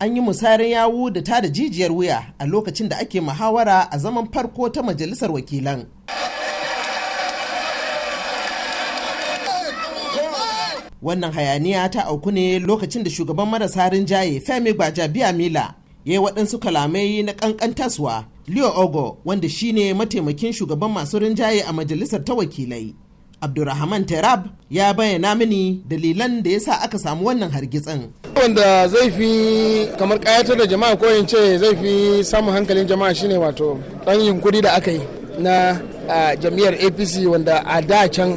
an yi musayar yawu da ta da jijiyar wuya a lokacin da ake muhawara a zaman farko ta majalisar wakilan. Wannan hayaniya ta auku ne lokacin da shugaban marasa rinjaye Femi Gbajabiya Mila ya yi waɗansu kalamai na ƙanƙantaswa Leo Ogo wanda shine mataimakin shugaban masu rinjaye a majalisar ta wakilai. abdurrahman terab ya bayyana mini dalilan da yasa aka samu wannan hargitsin wanda zai fi kamar kayatar da jama'a ko in zai fi samun hankalin jama'a shine wato ɗan yunkuri da aka yi na jam'iyyar apc wanda a da can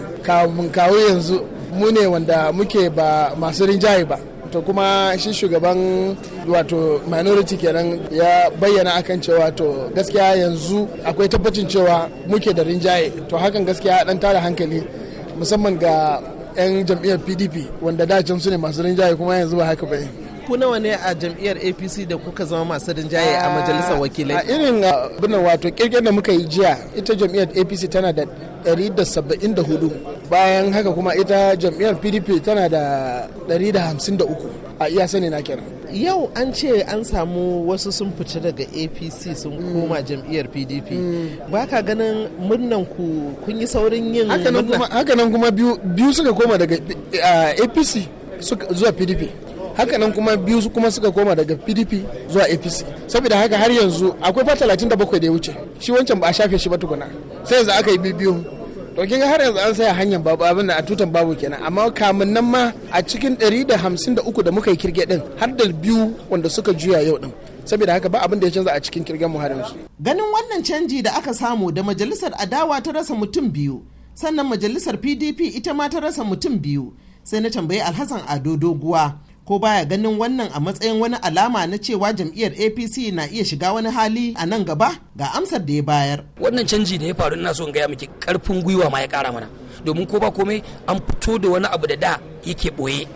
kawo yanzu mu ne wanda muke ba masu rinjaye ba to kuma shi shugaban wato minority kenan ya bayyana akan cewa to gaskiya yanzu akwai tabbacin cewa muke da rinjaye to hakan gaskiya dan tara hankali musamman ga 'yan jam'iyyar pdp wanda da su ne masu rinjaye kuma yanzu ba haka ba ku nawa ne a jam'iyyar apc da kuka zama masu rinjaye a majalisar wakilai a irin abin wato kirkir da muka yi jiya ita jam'iyyar apc tana da 174 bayan haka kuma ita jam'iyyar pdp tana da 153 a iya sani na kenan yau an ce an samu wasu sun fice daga apc sun mm. koma jam'iyyar pdp mm. ba ka ganin murnan ku kun yi saurin yin nan kuma biyu suka koma daga eh, apc zuwa pdp hakanan kuma biyu kuma suka koma daga pdp zuwa apc saboda haka har yanzu akwai fa 37 da ya wuce shi wancan ba a shafe shi ba tukuna sai yanzu aka yi biyu to kin har yanzu an saya hanyar babu abin da a tutan babu kenan amma kamun nan ma a cikin 153 da muka yi kirge din har da biyu wanda suka juya yau din saboda haka ba abin da ya canza a cikin kirgen mu har yanzu ganin wannan canji da aka samu da majalisar adawa ta rasa mutum biyu sannan majalisar pdp ita ma ta rasa mutum biyu sai na tambayi alhassan ado doguwa ko baya ganin wannan a matsayin wani alama na cewa jam'iyyar apc na iya shiga wani hali a nan gaba ga amsar da ya bayar wannan canji da ya faru ina so in gaya miki karfin gwiwa ma ya kara mana domin ko ba komai an fito da wani abu da da yake boye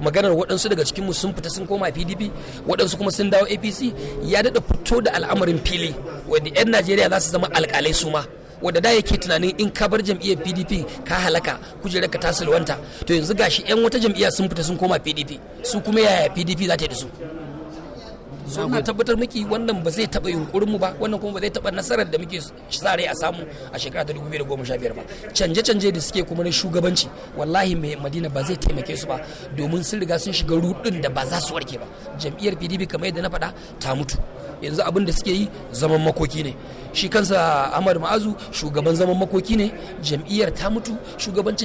maganar waɗansu daga cikinmu sun fita sun koma pdp waɗansu kuma sun dawo apc ya daɗa fito da al'amarin fili wanda 'yan najeriya za su zama alƙalai su ma wadda da yake tunanin in ka bar jam'iyyar pdp ka halaka kujerar ka tasilwanta to yanzu gashi yan wata jam'iyya sun fita sun koma pdp su kuma yaya pdp za ta yi da su so na tabbatar miki wannan ba zai taba yunkurin mu ba wannan kuma ba zai taba nasarar da muke sa rai a samu a shekara ta 2015 ba canje canje da suke kuma na shugabanci wallahi mai Madina ba zai taimake su ba domin sun riga sun shiga rudin da ba za su warke ba jam'iyyar PDP kamar yadda na faɗa ta mutu yanzu abin da suke yi zaman makoki ne shi kansa Ahmad Ma'azu shugaban zaman makoki ne jam'iyyar ta mutu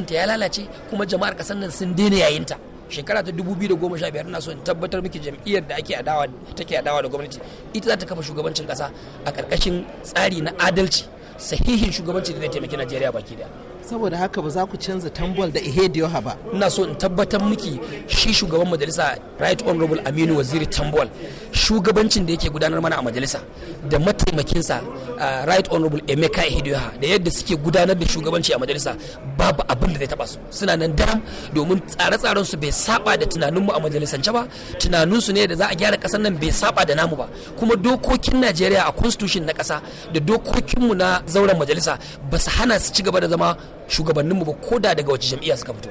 ta ya lalace kuma jama'ar kasar nan sun daina yayinta shekara ta biyar ina so in tabbatar miki jam'iyyar da ake adawa take adawa da gwamnati ita za ta kafa shugabancin kasa a karkashin tsari na adalci sahihin shugabanci da zai taimaki Najeriya baki da. saboda haka ba za ku canza tambol da ihediyoha ba ina so in tabbatar miki shi shugaban majalisa right honorable aminu waziri tambol shugabancin da yake gudanar mana a majalisa da mataimakinsa right honorable emeka ehidoha da yadda suke gudanar da shugabanci a majalisa babu abin da zai taba su suna nan daram domin tsare-tsaren su bai saba da tunaninmu a majalisance ba tunanin su ne da za a gyara kasar nan bai saba da namu ba kuma dokokin najeriya a constitution na kasa da dokokinmu na zauren majalisa ba su hana su ci gaba da zama shugabanninmu ba ko da daga wace jam'iyya suka fito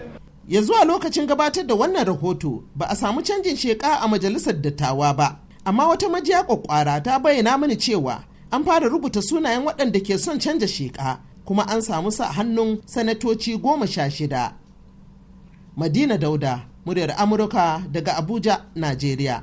ya zuwa lokacin gabatar da wannan rahoto ba a samu canjin sheka a majalisar dattawa ba amma wata majiya kwakwara ta bayyana mini cewa an fara rubuta sunayen waɗanda ke son canja sheƙa kuma an samu sa hannun sanatoci goma sha shida madina dauda muryar amurka daga abuja najeriya